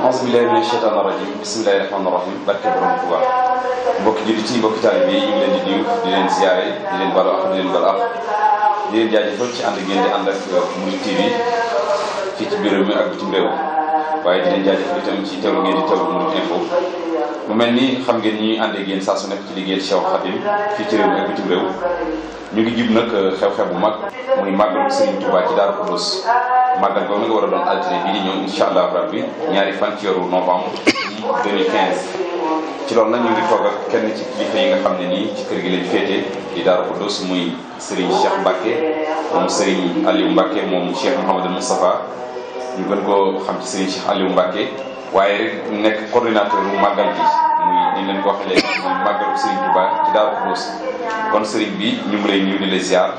بسم الله من الشيطان الرجيم بسم الله الرحمن الرحيم بركة برم كوا بوك جريتي بوك تاليبي يولين دي ديوف دي لين زياري دي لين بارو أخ دي لين بارو أخ دي لين جاجي فرش عند جيندي عند مولي تيوي في تبيرو مي أكبت مريو باي دي لين جاجي فرش عند جيتو مي دي تاو مولي تيفو ممن ني خم جيني عند جين ساسو نك تلي جيل شاو خاتم في تبيرو مي أكبت مريو نيجي جيب نك خيو خيو بومك مولي ماك بروك سرين توباكي دارو كروس màggal boobu nga war a doon altine bii di ñëw incha allah rabbi ñaari fan ci novembre 2015 ci loolu nag ñu ngi toog ak kenn ci kilifa yi nga xam ne nii ci kër gi lañ féete di Daaru Xuddus muy Serigne Cheikh Mbacke moom Serigne Aliou Mbacke moom Cheikh Mouhamadou Moustapha ñu gën koo xam ci Serigne Cheikh Aliou Mbacke waaye rek nekk coordinateur bu màggal gi muy ni leen ko waxee léegi màggalu Serigne Touba ci Daaru Xudoos kon Serigne bi la ziar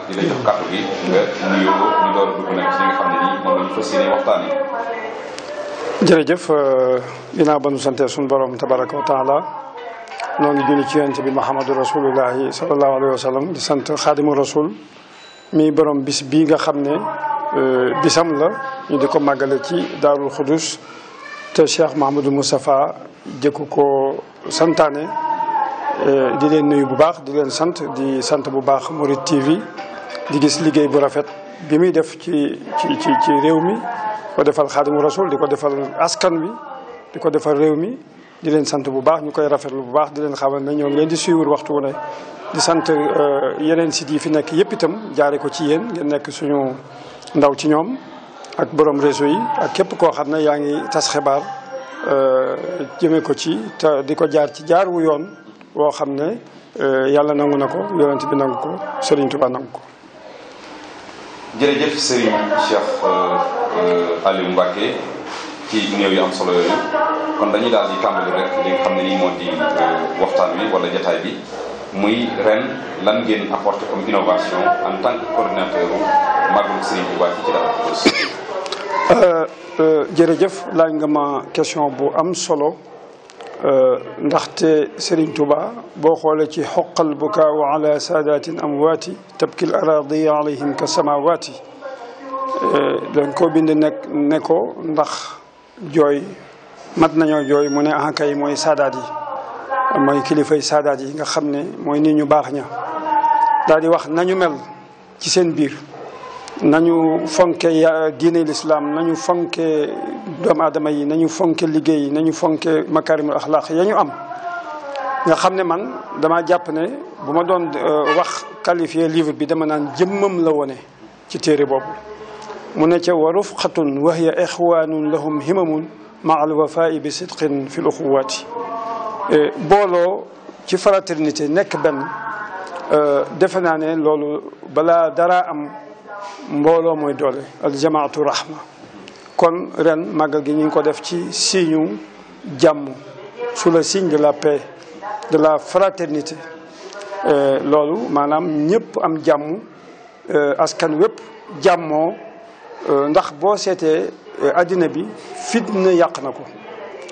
euh, suñu borom tabaraka wa taala noo ngi julli ci yonent bi Muhammadu Rasulullahi sallallahu alayhi wa sallam di sant xaadimu rasul mi borom bis bi nga xam ne euh, bisam la ñu di ko màggale ci Daarul Xudus te Cheikh Mahamadou Moustapha jëkku ko santaane Euh, di leen nuyu bu baax di leen sant di sant bu baax Mouride TV di gis liggéey bu rafet bi muy def ci ci ci réew mi ko defal xaadimu rasul di ko defal askan wi di ko defal réew mi di leen sant bu baax ñu koy rafetlu bu baax di leen xamal ne ñoo ngi leen di suivre waxtu wu ne di sant euh, yeneen sites yi fi nekk yëpp itam jaare ko ci yéen ngeen nekk suñu ndaw ci ñoom ak borom réseau yi ak képp koo xam na yaa ngi tas xibaar euh, jëmee ko ci te di ko jaar ci jaar wu yoon woo xam ne euh, yàlla nangu na ko yonent bi nangu ko Serigne Touba nangu ko. jërëjëf Serigne Cheikh euh, euh, Aliou Mbacké ci néew yu am solo yooyu kon dañuy daal di tàmbali rek li xam ne nii moo di waxtaan wi wala jataay bi muy ren lan ngeen apporté comme innovation en tant que coordinateur Magal Serigne Touba ci ci Daaru Xudoos. jërëjëf laaj nga ma question bu am solo. Euh, ndaxte Serigne Touba boo xoolee ci xoqal bukaawu ala saadatin amwaati tabkil aradiya alayhim ka samawaati euh, dañ ko bind nekk ne ko ndax jooy mat nañoo jooy mu ne ah kay mooy saadaat yi mooy kilifay saadaat yi nga xam ne mooy nit ñu baax ña daal wax nañu mel ci seen biir nañu fonke diine l'islam nañu fonke doom adama yi nañu fonke liggéey nañu fonke makarimul akhlaq ya ñu am nga xamné man dama jàpp ne buma doon wax qualifier livre bi dama nan jëmmam la wone ci téré boobu mu ne ci waruf khatun wa hiya ikhwanun lahum himamun maa al wafai bi sidqin fi l uxuwaati bolo ci fraternité nek ben euh naa ne lolu bala dara am mbooloo mooy doole al jamaatu rahma kon ren màggal gi ñu ngi ko def ci signe jàmm sous le signe de la paix de la fraternité euh, loolu maanaam ñëpp am jàmm euh, askan wépp jàmmoo euh, ndax boo seetee àddina bi fitna yàq na ko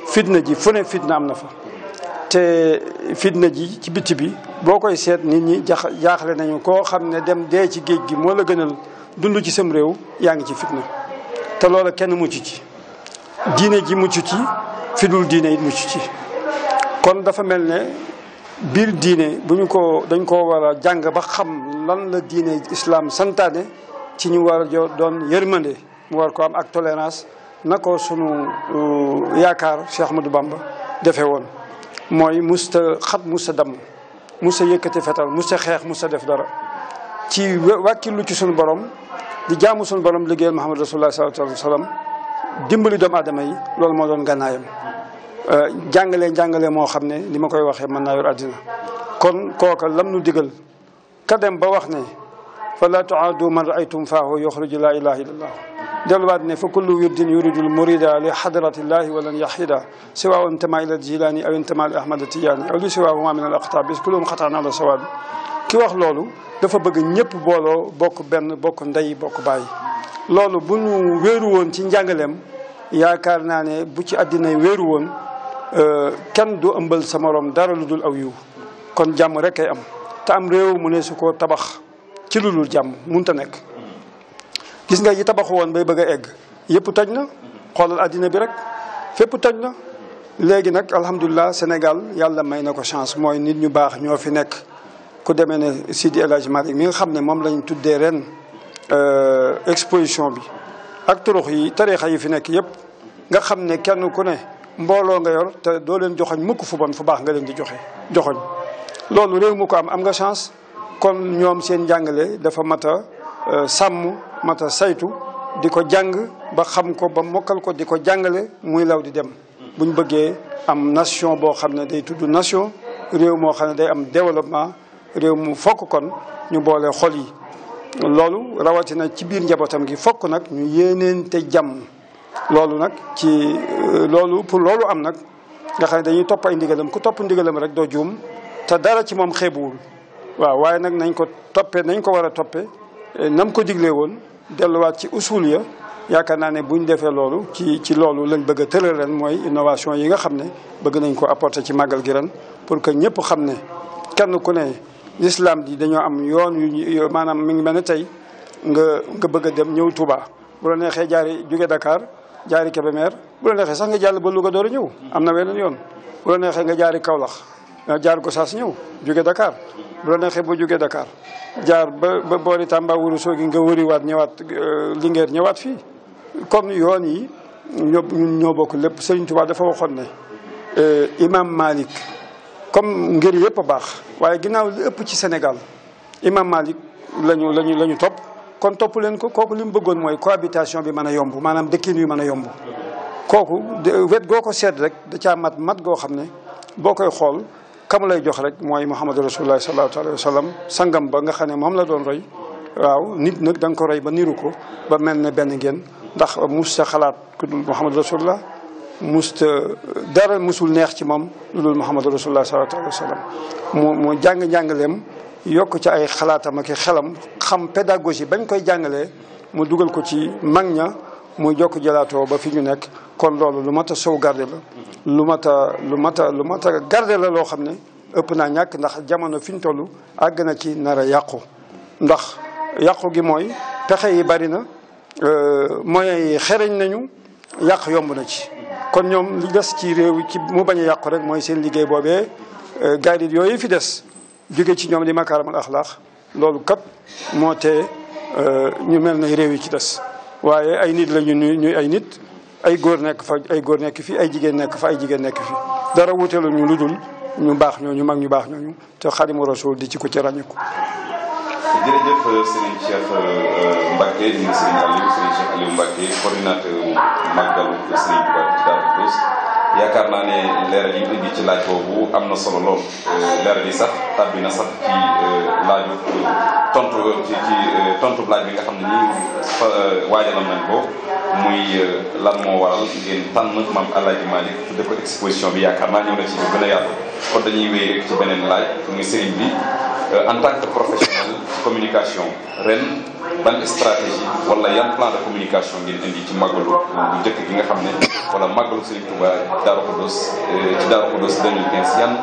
fitna ji fu ne fitna am na fa te fitna ji ci biti bi boo koy seet nit ñi jax jaaxle nañu koo xam ne dem dee ci géej gi moo la gënal dund ci sam réew yaa ngi ci fitna te loola kenn mucc ci diine ji mucc ci fi dul diine yi mucc ci kon dafa mel ne biir diine bu ñu ko dañ ko war a jàng ba xam lan la diine islaam santaane ci ñu war a doon yërmande mu war ko am ak tolérance na ko sunu uh, yaakaar Cheikh Ahmadou Bamba defee woon mooy musta xat musta damm musta yëkkati fetal musta xeex musta def dara ci wàkkilu ci suñu borom di jaamu suñu borom liggéeyal Muhammad rasulullah sallallahu alayhi wa sallam dimbali doomu aadama yi loolu moo doon gànnaayam euh, jàngale jàngale moo xam ne li ma koy waxee mën naa yor àddina kon kooka lam nu digal ka dem ba wax ne fala tuaadu man raaytum faahu yoxruju laa ilaha illallah delluwaat ne fa kullu wirdin yuridul murida li xadratillahi walan yaxida siwaa intimaa ila jilaani aw intimaa li ahmada tijaani aw li siwaa huma min al aqtaab bis kulluhum xataan ala sawaabi ki wax loolu dafa bëgg ñëpp booloo bokk benn bokk ndey bokk baay loolu bu ñu wéeru woon ci njàngaleem yaakaar naa ne bu ci àddina wéeru woon euh, kenn du ëmbal sa morom dara lu dul aw yiw kon jàmm rek ay am te am réew mu ne su ko tabax ci lu dul jàmm munta nekk gis nga ji tabaxu woon bay bëgg egg yëpp toj na xoolal àddina bi rek fépp toj na léegi nag alhamdulilah Sénégal yàlla may na ko chance mooy nit ñu baax ñoo fi nekk ku demee ne si El Hadj Malick mi nga xam ne moom lañ tuddee ren euh, exposition bi ak turux yi tarixa yi fi nekk yëpp nga xam ne kenn ku ne mbooloo nga yor te doo leen joxoñ mukk fu bon fu baax nga leen di joxe joxoñ loolu réew mu ko am am nga chance kon ñoom seen jàngale dafa mat a euh, sàmm mat a saytu di ko jàng ba xam ko ba mokkal ko di ko jàngale muy law di dem bu ñu bëggee am nation boo xam ne day tudd nation réew moo xam ne day am développement réew mu fokk kon ñu boole xol yi loolu rawatina ci biir njabootam gi fokk nag ñu yéeneente jàmm loolu nag ci euh, loolu pour loolu am nag nga xam ne dañuy topp ay ndigalam ku topp ndigalam rek doo juum te dara ci moom xeebuwul waaw waaye nag nañ ko toppe nañ ko war a toppee eh, nam ko diglee woon delluwaat ci usul ya yaakaar naa ne bu ñu defee loolu ci ci loolu lañ bëgg a tëral ren mooy innovation yi nga xam ne bëgg nañ ko apporter ci màggal gi ren pour que ñëpp xam ne kenn ku ne lislaam di dañoo am yoon yu maanaam mi ngi mel ne tey nga nga bëgg a dem ñëw tubaa bu la neexee jaari jóge dakaar jaari Kébémer bu la neexee sax nga jàll ba Louga door a ñëw am na weneen yoon bu la neexee nga jaari Kaolack jaar Gossas ñëw jóge dakaar bu la neexee boo jógee dakaar jaar ba ba boori Tamba wuru soo gi nga wëriwaat ñëwaat euh, Linguère ñëwaat fii kon yoon yi ñoo ñoo bokk lépp Sëriñ Touba dafa waxoon ne euh, imam Malik comme ngir yëpp a baax waaye ginnaaw li ëpp ci Sénégal imam Malik lañu lañu la ñu topp kon topp leen ko kooku li mu bëggoon mooy cohabitation bi mën a yomb maanaam dëkkin yu mën a yomb kooku wet goo ko seet rek da caa mat mat goo xam ne boo koy xool kamu lay jox rek mooy Muhammadu Rasulullah sallallahu alayhi wa sallam sangam ba nga xam ne moom la doon roy waaw nit nag da ko roy ba niru ko ba mel ne benn ngeen ndax mus sa xalaat ku dul Muhammadu Rasulullah musta dara musul neex ci moom lu dul Muhammadu Rasulullah sallallahu alayhi wa sallam mu mu jàng njàngaleem yokk ci ay xalaatam ak xelam xam pédagogie bañ koy jàngalee mu dugal ko ci mag ña muy jokk jëlaatoo ba fi ñu nekk kon loolu lu mat a sauvegarder la lu mat a lu mat a lu mat a garder la loo xam ne ëpp naa ñàkk ndax jamono fi ñu toll àgg na ci nar a yàqu ndax yàqu gi mooy pexe yi bari na euh, moyens yi xereñ nañu yàq yomb na ci kon ñoom li des ci réew ci mu bañ a yàqu rek mooy seen liggéey boobee euh, guided yooyu fi des jóge ci ñoom li makaaramal axlaax loolu kat moo tee euh, ñu mel na réew yi ci des waaye ay nit la ñu ñuy ay nit ay góor nekk fa ay góor nekk fi ay jigéen nekk fa ay jigéen nekk fi dara wuteelu ñu lu dul ñu baax ñooñu mag ñu baax ñooñu te xadimu rasul di ci ko ci ràññeeku jërëjëf euh, Serigne Mbacke di nuyu Serigne Aliou Serigne Cheikh Aliou Mbacke coordinateur yaakaar naa ne leeral ci laaj boobu am na solo lool euh, leeral yi sax tàbbi na sax ci euh, laaju tontu ci euh, laaj bi nga xam ne nii waajalam nañ ko muy lan moo waral ngeen tànn maam El Hadj Malick tudde ko exposition bi yaakaar naa ñëw na ci lu gën a yaatu kon dañuy wéy rek ci beneen laaj muy Serigne bi en tant que professionnel communication ren. ban stratégie wala yan plan de communication ngeen indi ci magalu bu jëkk gi nga xam ne wala magalu Serigne Touba ko dos ci Darou Khoudoss 2015 yan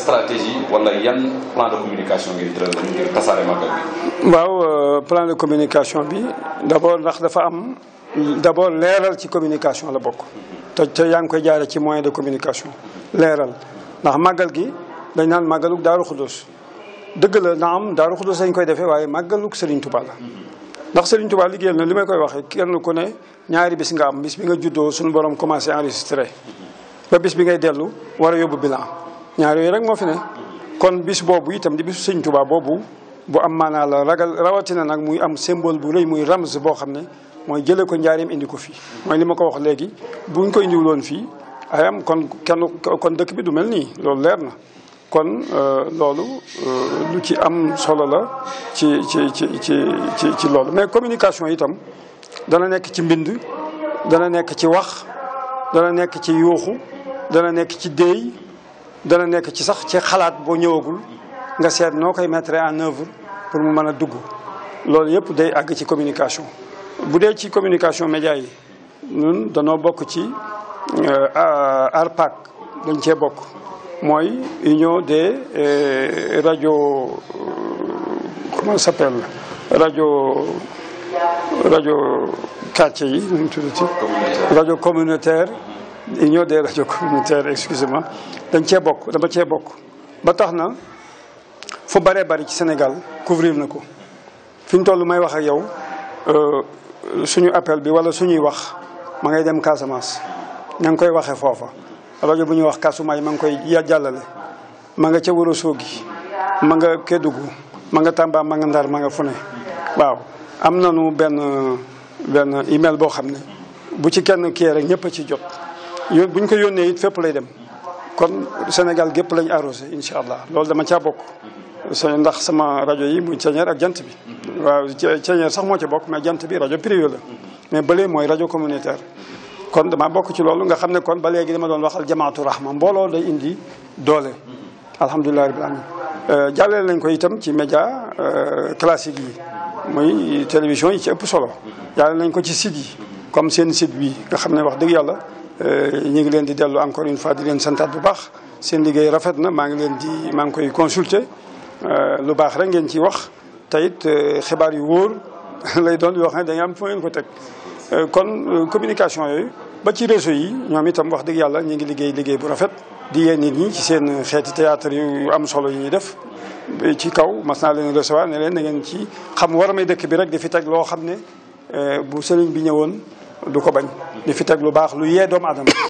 stratégie wala yan plan de communication ngeen tëral ngir tassaré magal bi. waaw plan de communication bi d'abord ndax dafa am d'abord leral ci communication la bokk. te te yang koy jaare ci moyen de communication. leral ndax magal gi dañ nan magaluk Darou Khoudoss. dëgg la naam daar Xuddoos sañ koy defee waaye màggaluk Serigne Touba la ndax Serigne Touba liggéey na li may koy waxee kenn ko ne ñaari bis nga am bis bi nga juddoo suñu borom commencé enregistré ba bis bi ngay dellu war a yóbbu bilan ñaari yooyu rek moo fi ne kon bis boobu itam di bisu Serigne tubaa boobu bu am maanaa la ragal rawatina nag muy am symbole bu rëy muy ramz boo xam ne mooy jëlee ko njaareem indi ko fii mooy li ma ko wax léegi buñ koy indiwloon fii ayam kon kenn kon dëkk bi du mel nii leer na kon euh, loolu euh, lu ci am solo la ci ci ci ci ci ci loolu mais communication itam dana nekk ci mbind dana nekk ci wax dana nekk ci yuuxu dana nekk ci déey dana nekk ci sax ci xalaat boo ñëwagul nga seet noo koy mettre en œuvre pour mu mën a dugg loolu yëpp day àgg ci communication bu dee ci communication média yi ñun danoo bokk ci euh, ARPAC dañ cee bokk mooy union des euh, rajo euh, comment rajo rajo quartier yi nu mu tuddati rajo communautaire union des rajo dañ cee bokk dama cee bokk ba tax na fu bëree bari ci Sénégal couvrir na ko fi ñu toll may waxee ak yow euh, suñu appel bi wala suñuy wax ma ngay dem Casamance ña ngi koy waxee foofa rajo bu ñuy wax yi ma ngi koy jàllale ma nga ca Wuro gi ma nga Kédougou ma nga Tamba ma nga Ndar ma nga fu ne waaw am na nu benn benn email boo xam ne bu ci kenn kii rek ñëpp a ci jot yo bu ñu ko yónnee it fépp lay dem kon Sénégal gépp lañ arrosé incha allah loolu dama caa bokk sa ndax sama rajo yi mu ceeñeer ak jant bi waaw ceeñeer sax moo ci bokk mais jant bi rajo privé la mais bële mooy rajo communautaire kon dama bok ci lolou nga xamne kon ba legui dama don waxal jamaatu rahma mbooloo day indi dole alhamdulilah rabbil alamin jallel nañ ko itam ci média classique yi muy télévision yi ci ep solo jallel nañ ko ci site yi comme sen site bi nga xamne wax deug yàlla ñi ngi leen di delu encore une fois di leen santat bu baax sen liggéey rafet na ma ngi leen di ma ngi koy consulter lu baax rek ngeen ci wax tayit it xibaar yu wóor lay don yo xamne da nga am fu ngeen ko tek Euh, kon euh, communication yooyu ba ci réseau yi ñoom itam wax dëgg yàlla ñu ngi liggéey liggéey bu rafet di yee nit ñi ci seen xeeti théâtre yu am solo yi ñuy def ci kaw mas naa leen recevoir ne leen na ngeen ci xam war a may dëkk bi rek di fi teg loo xam ne euh, bu sëriñ bi ñëwoon du ko bañ di fi teg lu baax lu yee doomu aadama